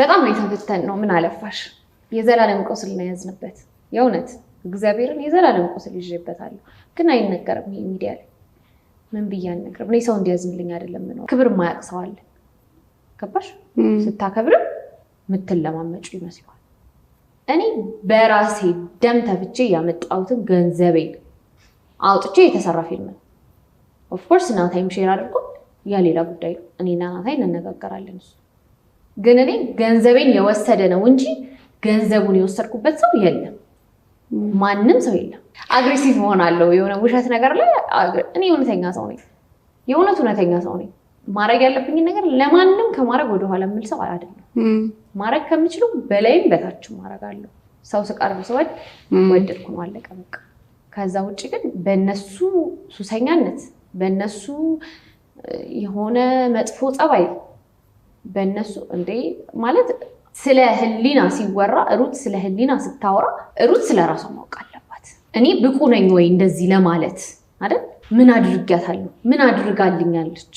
በጣም ነው የተፈተን ነው። ምን አለፋሽ የዘላለም ቁስል ነው ያዝንበት። የእውነት እግዚአብሔርን የዘላለም ቁስል ይዤበታለሁ፣ ግን አይነገርም። ይሄ ሚዲያ ላይ ምን ብዬ አልነገርም። እኔ ሰው እንዲያዝንልኝ አይደለም ነው። ክብር ማያቅ ሰው አለ። ገባሽ? ስታከብርም ይመስለዋል። እኔ በራሴ ደም ተፍቼ ያመጣሁትን ገንዘቤ አውጥቼ የተሰራ ፊልም ነው። ኦፍኮርስ ናታይም ሼር አድርጎ ያ ሌላ ጉዳይ ነው። እኔና ናታይ እንነጋገራለን እሱ ግን እኔ ገንዘቤን የወሰደ ነው እንጂ ገንዘቡን የወሰድኩበት ሰው የለም። ማንም ሰው የለም። አግሬሲቭ አለው የሆነ ውሸት ነገር ላይ እኔ እውነተኛ ሰው ነኝ። የእውነት እውነተኛ ሰው ነኝ። ማድረግ ያለብኝን ነገር ለማንም ከማድረግ ወደኋላ የምል ሰው አይደለም። ማድረግ ከምችለው በላይም በታችም ማድረጋለሁ ሰው ስቀርብ ሰዎች ወደድኩ ነው አለቀ በቃ። ከዛ ውጭ ግን በእነሱ ሱሰኛነት በእነሱ የሆነ መጥፎ ጸባይ በእነሱ እንዴ ማለት ስለ ህሊና ሲወራ ሩት ስለ ህሊና ስታወራ ሩት ስለ ራሷ ማወቅ አለባት። እኔ ብቁ ነኝ ወይ እንደዚህ ለማለት አይደል? ምን አድርጊያታለሁ፣ ምን አድርጋልኛለች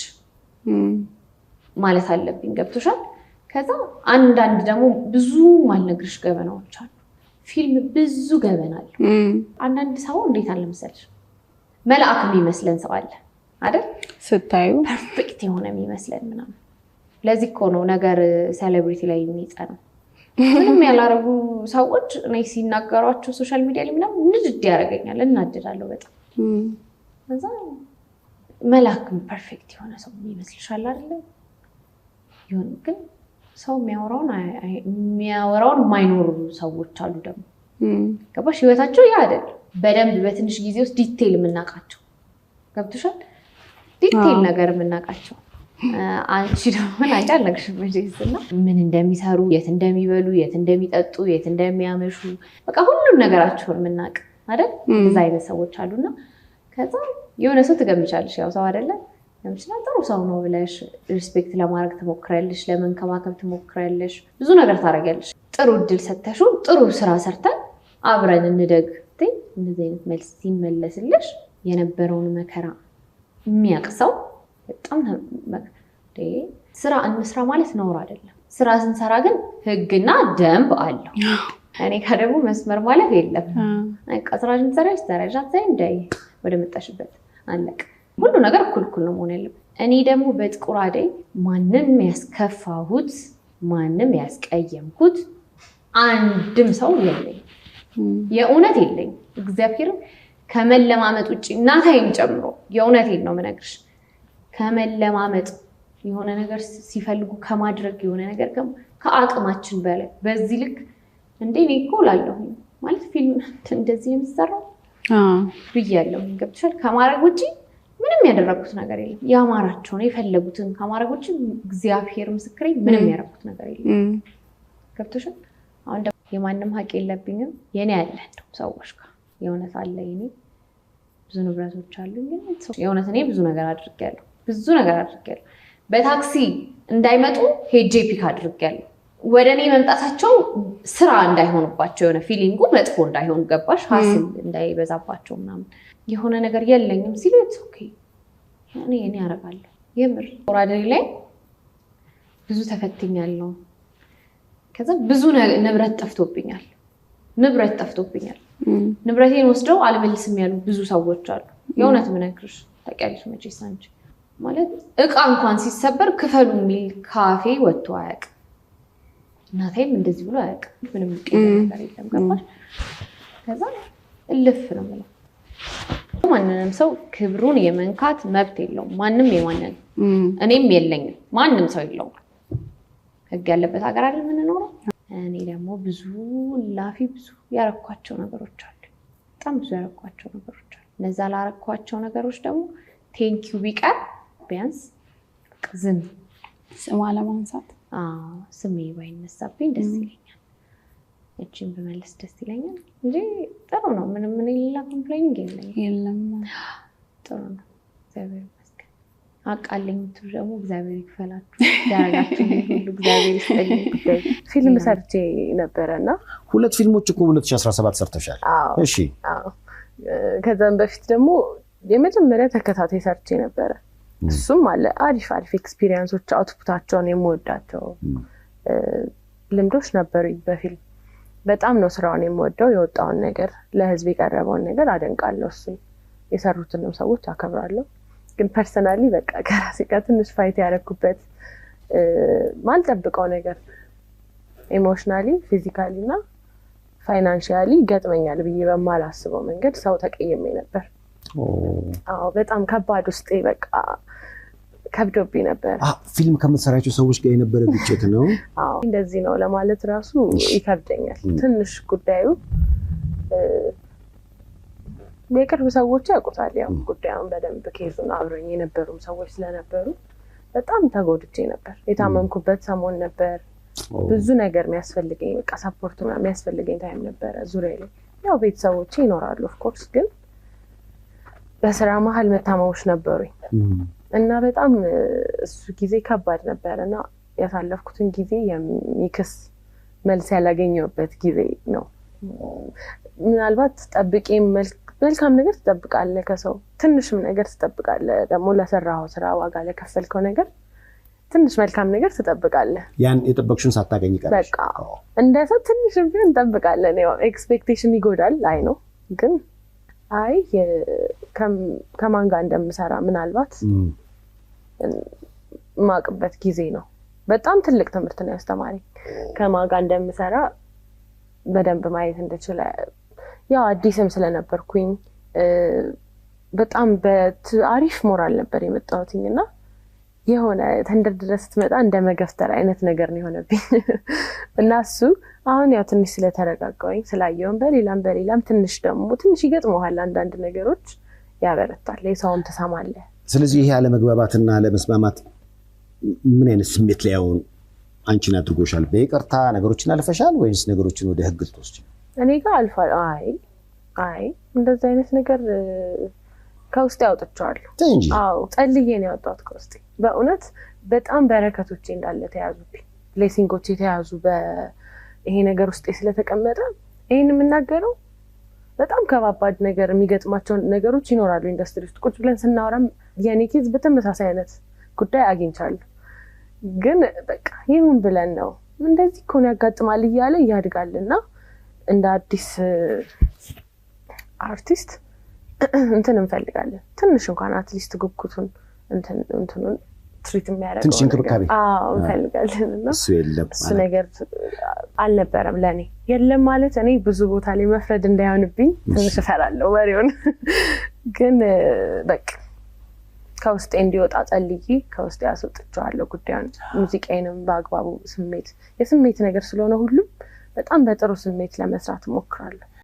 ማለት አለብኝ። ገብቶሻል? ከዛ አንዳንድ ደግሞ ብዙ ማልነግርሽ ገበናዎች አሉ። ፊልም ብዙ ገበና አለ። አንዳንድ ሰው እንዴት አለ መሰለሽ መልአክ የሚመስለን ሰው አለ አይደል? ስታዩ ፐርፌክት የሆነ የሚመስለን ምናምን ለዚህ እኮ ነው ነገር ሴሌብሪቲ ላይ የሚጸነው። ምንም ያላረጉ ሰዎች እኔ ሲናገሯቸው ሶሻል ሚዲያ ላይ ምናምን ንድድ ያደርገኛል፣ እናድዳለሁ በጣም እዛ መላክም ፐርፌክት የሆነ ሰው ይመስልሻል አይደለ? ይሁን ግን ሰው የሚያወራውን የሚያወራውን የማይኖሩ ሰዎች አሉ። ደግሞ ገባሽ? ህይወታቸው ያ አይደል በደንብ በትንሽ ጊዜ ውስጥ ዲቴይል የምናውቃቸው ገብቶሻል። ዲቴይል ነገር የምናውቃቸው አንቺ ደግሞ አንቺ አልነግርሽም እና ምን እንደሚሰሩ፣ የት እንደሚበሉ፣ የት እንደሚጠጡ፣ የት እንደሚያመሹ በቃ ሁሉም ነገራችሁን የምናውቅ አይደል? እዛ አይነት ሰዎች አሉና ከዛ የሆነ ሰው ትገምቻለሽ፣ ያው ሰው አይደለም ለምችላ ጥሩ ሰው ነው ብለሽ ሪስፔክት ለማድረግ ትሞክሪያለሽ፣ ለመንከባከብ ትሞክሪያለሽ፣ ብዙ ነገር ታደርጊያለሽ። ጥሩ እድል ሰተሹ ጥሩ ስራ ሰርተን አብረን እንደግ። እንደዚህ አይነት መልስ ሲመለስልሽ የነበረውን መከራ የሚያቅሰው ሰው በጣም ስራ እንስራ ማለት ነውር አይደለም። ስራ ስንሰራ ግን ህግና ደንብ አለው። እኔ ጋ ደግሞ መስመር ማለፍ የለም። ስራሽን ትሰሪያለሽ፣ ትሰሪያለሽ፣ አትሰሪም፣ እንዳይ ወደ መጣሽበት አለቅ። ሁሉ ነገር እኩል እኩል ነው መሆን ያለበት። እኔ ደግሞ በጥቁር አደይ ማንም ያስከፋሁት ማንም ያስቀየምኩት አንድም ሰው የለኝ፣ የእውነት የለኝ። እግዚአብሔር ከመለማመጥ ውጭ እናታይም ጨምሮ የእውነቴን ነው የምነግርሽ ከመለማመጥ የሆነ ነገር ሲፈልጉ ከማድረግ የሆነ ነገር ከአቅማችን በላይ በዚህ ልክ እንዴ እኔ እኮ ላለሁኝ ማለት ፊልም እንደዚህ የምሰራው የሚሰራው ብያለሁ። ገብቶሻል። ከማድረግ ውጭ ምንም ያደረግኩት ነገር የለም። ያማራቸው ነው የፈለጉትን ከማድረግ ውጭ እግዚአብሔር ምስክሬ ምንም ያደረግኩት ነገር የለም። ገብቶሻል። አሁን ደግሞ የማንም ሀቅ የለብኝም። የኔ ያለ እንደውም ሰዎች ጋር የእውነት አለ የኔ ብዙ ንብረቶች አሉ። የእውነት እኔ ብዙ ነገር አድርጌያለሁ። ብዙ ነገር አድርጌያለሁ። በታክሲ እንዳይመጡ ሄጄ ፒክ አድርጌያለሁ። ወደ እኔ መምጣታቸው ስራ እንዳይሆንባቸው የሆነ ፊሊንጉ መጥፎ እንዳይሆን ገባሽ፣ ሀስል እንዳይበዛባቸው ምናምን የሆነ ነገር የለኝም ሲሉ ኦኬ እኔ እኔ ያረጋለሁ የምር ኦራደሪ ላይ ብዙ ተፈትኛለሁ። ከዛ ብዙ ንብረት ጠፍቶብኛል፣ ንብረት ጠፍቶብኛል። ንብረቴን ወስደው አልመልስም ያሉ ብዙ ሰዎች አሉ። የእውነት ምነግርሽ ታውቂያለሽ መቼስ አንቺ ማለት እቃ እንኳን ሲሰበር ክፈሉ የሚል ካፌ ወጥቶ አያውቅም። እናቴም እንደዚህ ብሎ አያውቅም። ምንም ነገር የለም። ገባሽ? ከዛ እልፍ ነው የምለው። ማንንም ሰው ክብሩን የመንካት መብት የለውም። ማንም የማንን እኔም የለኝም። ማንም ሰው የለውም። ህግ ያለበት ሀገር አይደል የምንኖረው? እኔ ደግሞ ብዙ ላፊ ብዙ ያረኳቸው ነገሮች አሉ። በጣም ብዙ ያረኳቸው ነገሮች አሉ። እነዛ ላረኳቸው ነገሮች ደግሞ ቴንኪዩ ቢቀር ቢያንስ ዝም ስሟ ለማንሳት ስሜ ባይነሳብኝ ደስ ይለኛል። እችን ብመልስ ደስ ይለኛል እንጂ ጥሩ ነው። ምንም ምን የሌላ ኮምፕሌኒንግ የለኝም። የለም ጥሩ ነው። እግዚአብሔር ይመስገን። አቃለኝ ቱ ደግሞ እግዚአብሔር ይክፈላችሁ። ያረጋችሁ ሁሉ እግዚአብሔር ይስጠልኝ። ፊልም ሰርቼ ነበረ እና ሁለት ፊልሞች እኮ 2017 ሰርተሻል። እሺ ከዛም በፊት ደግሞ የመጀመሪያ ተከታታይ ሰርቼ ነበረ እሱም አለ። አሪፍ አሪፍ ኤክስፒሪየንሶች አውትፑታቸውን የምወዳቸው ልምዶች ነበሩኝ በፊልም በጣም ነው ስራውን የምወደው። የወጣውን ነገር ለህዝብ የቀረበውን ነገር አደንቃለሁ። እሱ የሰሩትንም ሰዎች አከብራለሁ። ግን ፐርሰናሊ በቃ ከራሴ ጋር ትንሽ ፋይት ያደረኩበት ማልጠብቀው ነገር ኢሞሽናሊ፣ ፊዚካሊ እና ፋይናንሽያሊ ገጥመኛል ብዬ በማላስበው መንገድ ሰው ተቀየሜ ነበር። አዎ በጣም ከባድ ውስጤ በቃ ከብዶብኝ ነበር። ፊልም ከምትሰራቸው ሰዎች ጋር የነበረ ግጭት ነው። እንደዚህ ነው ለማለት ራሱ ይከብደኛል። ትንሽ ጉዳዩ የቅርብ ሰዎች ያውቁታል። ያው ጉዳዩን በደንብ ኬዙን አብረኝ የነበሩም ሰዎች ስለነበሩ በጣም ተጎድቼ ነበር። የታመምኩበት ሰሞን ነበር። ብዙ ነገር የሚያስፈልገኝ በቃ ሰፖርት የሚያስፈልገኝ ታይም ነበረ ዙሪያ ላይ ያው ቤተሰቦቼ ይኖራሉ ኦፍኮርስ፣ ግን በስራ መሀል መታመሞች ነበሩኝ። እና በጣም እሱ ጊዜ ከባድ ነበር እና ያሳለፍኩትን ጊዜ የሚክስ መልስ ያላገኘበት ጊዜ ነው። ምናልባት ጠብቄ መልካም ነገር ትጠብቃለህ ከሰው ትንሽም ነገር ትጠብቃለህ። ደግሞ ለሰራኸው ስራ ዋጋ ለከፈልከው ነገር ትንሽ መልካም ነገር ትጠብቃለህ። ያን የጠበቅሽን ሳታገኝ በቃ እንደ ሰው ትንሽም ቢሆን እንጠብቃለን። ያው ኤክስፔክቴሽን ይጎዳል። አይ ነው ግን አይ ከማን ጋር እንደምሰራ ምናልባት ማቅበት ጊዜ ነው። በጣም ትልቅ ትምህርት ነው ያስተማረኝ። ከማጋ እንደምሰራ በደንብ ማየት እንደችለ ያው አዲስም ስለነበርኩኝ በጣም በአሪፍ ሞራል ነበር የመጣሁትኝ እና የሆነ ድረስ ስትመጣ እንደ መገፍተር አይነት ነገር ነው የሆነብኝ እና እሱ አሁን ያው ትንሽ ስለተረጋጋሁኝ ስላየውን በሌላም በሌላም ትንሽ ደግሞ ትንሽ ይገጥመዋል አንዳንድ ነገሮች ያበረታል። የሰውም ትሰማለህ ስለዚህ ይሄ አለመግባባትና አለመስማማት ምን አይነት ስሜት ላይ ያሆኑ አንቺን አድርጎሻል? በይቅርታ ነገሮችን አልፈሻል ወይስ ነገሮችን ወደ ህግ ልትወስጂ? እኔ ጋር አልፋል። አይ አይ እንደዚህ አይነት ነገር ከውስጤ አውጥቼዋለሁ እንጂ ጸልዬ ነው ያወጣሁት ከውስጤ። በእውነት በጣም በረከቶቼ እንዳለ ተያዙብኝ፣ ብሌሲንጎቼ የተያዙ በይሄ ነገር ውስጤ ስለተቀመጠ ይህን የምናገረው በጣም ከባባድ ነገር የሚገጥማቸውን ነገሮች ይኖራሉ። ኢንዱስትሪ ውስጥ ቁጭ ብለን ስናወራም የኔ ኬዝ በተመሳሳይ አይነት ጉዳይ አግኝቻለሁ። ግን በቃ ይሁን ብለን ነው እንደዚህ ከሆነ ያጋጥማል እያለ ያድጋል እና እንደ አዲስ አርቲስት እንትን እንፈልጋለን። ትንሽ እንኳን አትሊስት ጉጉቱን እንትኑን ትሪት የሚያደርገው ትንሽ እንክብካቤ እንፈልጋለን እና እሱ ነገር አልነበረም ለእኔ የለም ማለት እኔ ብዙ ቦታ ላይ መፍረድ እንዳይሆንብኝ ትንሽ እፈራለሁ ወሬውን ግን በቃ ከውስጤ እንዲወጣ ጸልይ ከውስጤ ያስወጥቸዋለሁ ጉዳዩን። ሙዚቃዬንም በአግባቡ ስሜት የስሜት ነገር ስለሆነ ሁሉም በጣም በጥሩ ስሜት ለመስራት እሞክራለሁ።